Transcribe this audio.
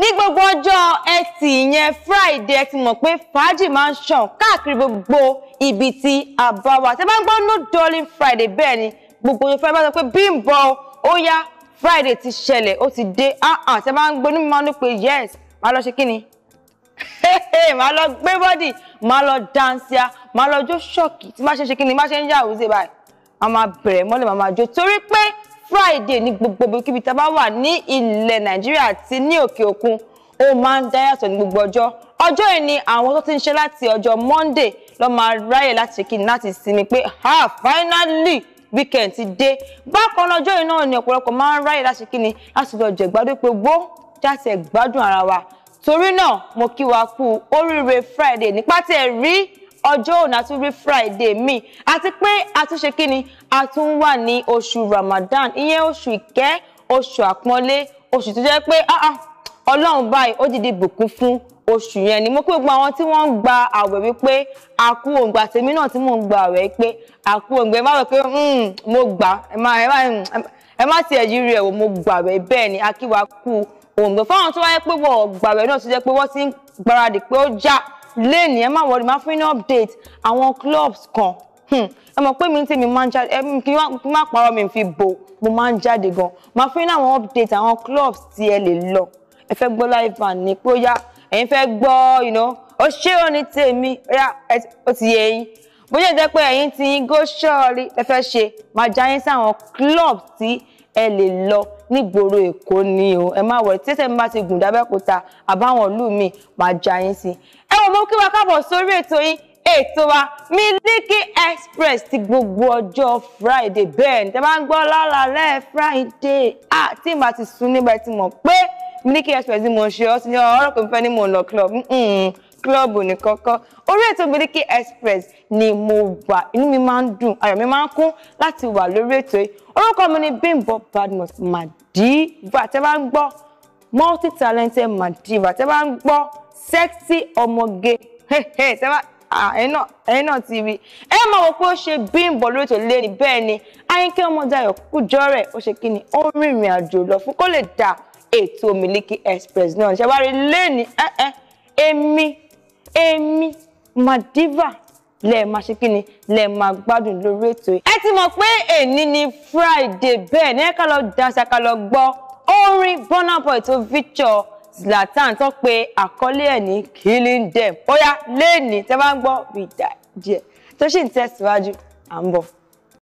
ní gbogbo ọjọ́ ẹtì ìyẹn friday ẹ ti mọ̀ pé fàájì máa ń ṣàn káàkiri gbogbo ibi tí a bá bá ń gbọ́ no darling friday bẹ́ẹ̀ ni gbogbo ọjọ́ friday bá sọ pé Bímbọ́ ó yá friday ti ṣẹlẹ̀ ó ti dé ahàn tẹ́ bá ń gbọ́ ní mímọ́ ní pé yes máa lọ ṣe kí ni máa lọ gbé bọ́dì máa lọ dáńsíá máa lọ jó ṣọ́ọ̀kì tí má ṣe ṣe kí ni má ṣe ń yà òwúzẹ̀ báyìí máa bẹ̀rẹ̀ mọ́lẹ̀ máa jó torí pé Friday ni gbogbo ibikíbi tá a bá wà ní ilẹ̀ Nàìjíríà àti ní òkè òkun ó máa ń dá ní gbogbo ọjọ́ ọjọ́ yìí ni àwọn tó ti ń ṣe láti ọjọ́ Monday ló máa ráyè láti kí ni láti sinmi pé ha finally weekend ti dé bákan lọ́jọ́ yìí náà ni ọ̀pọ̀lọpọ̀ máa ń ráyè láti kí ni láti lọ jẹ gbádùn pé wó jáde gbádùn ara wa torí náà mo kí wa kú oríire Friday nípa tẹ̀ rí ọjọ́ òní àtún rí friday mi àti pé àtúnṣe kíni àtún wà ní oṣù ramadan ìyẹn oṣù ìkẹ́ oṣù àpọ́nlé oṣù tó jẹ́ pé ah, ah, ọlọ́run báyìí ó dìde bùkún fún oṣù yẹn ni mo pé gbogbo àwọn tí wọ́n ń gba àwẹ̀ wípé àkú òǹgbà tèmi náà tí mò ń gba àwẹ̀ pé àkú òǹgbà ẹ má wẹ̀ pé hmm, mo gbà ẹ má ẹ má ẹ má tiẹ̀ yí rí ẹ̀ wò mo gbàwẹ̀ bẹ́ẹ̀ ni akíwa kú òǹgbà fáwọn tó wáyé pé wọ́n gbàwẹ̀ náà tó jẹ́ pé wọ́n ti ń gbáradì pé ó já lẹ́ẹ̀ni ẹ má wọrí máa fún ní update àwọn clubs kan hmm. ẹ mọ̀ pé mi ń tèmi máa ń jáde kí n má parọ́ mi fi bò mo máa ń jáde gan máa fún ní àwọn update àwọn clubs tí ẹ lè lọ ẹ fẹ́ gbọ́ live band ní pé ó yá ẹ̀yin fẹ́ gbọ́ ó ṣé ò ní tèmi ó ti yẹ yín bó ṣe jẹ́ pé ẹ̀yin ti yín go ṣọ́ọ̀rí ẹ fẹ́ ṣe máa já yín sáwọn club tí ẹ lè lọ nígboro Èkó ni o ẹ má wọ̀ tí ẹsẹ̀ mi bá ti gùn dábẹ́kúta àbáwọn ìlú mi máa já yín sí o mo kí wa káàbọ̀ sórí ètò yín ètò wa Miliki Express ti gbogbo ọjọ́ Friday bẹ́ẹ̀ ni tẹ́ bá ń gbọ́ lálàálẹ́ Friday àti ìmọ̀ àti sùn nígbà tí mo pé Miliki Express ni mo ṣe ọ́ sí ní ọ̀rọ̀ pé mo fẹ́ ní mo lọ club klọ́ọ̀bù ní kọ́kọ́ orí ètò Miliki Express ni mo wà inú mi máa ń dùn ayọ̀ mi máa ń kún láti wà lórí ètò yìí orúkọ mi ni Bímbọ́ Badmus Madiva tẹ́ bá ń gbọ́ multi talented Madiva tẹ́ bá ń gbọ́ sẹ́ksì ọmọge sẹ́wà ẹ̀yin náà ti rí ẹ máa wò pé ó ṣe Bímbọ́ lórí ètò lẹ́ni bẹ́ẹ̀ ni Ayínkẹ́ Ọmọdayọ̀ Kújọ́rẹ̀ ó ṣe kí ni ó rìnrìn àjò lọ fún kó lè dá ètò Miliki Express náà ṣe wá rí lẹ́ni ẹ̀ẹ́ èmi èmi madiva lẹ́ẹ̀ máa ṣe kí ni lẹ́ẹ̀ máa gbádùn lórí ètò yìí. ẹ ti mọ̀ pé èní ni Friday bẹ́ẹ̀ ní ẹ ká lọ dansa ká lọ gbọ́ orin Burna Boy tó feature Zlatan tó pe àkọlé ẹ̀ ní killing them. ó yá léènì tẹ́ bá ń gbọ́ ìdajì ẹ̀ tó sì ń tẹ̀síwájú à ń bọ̀.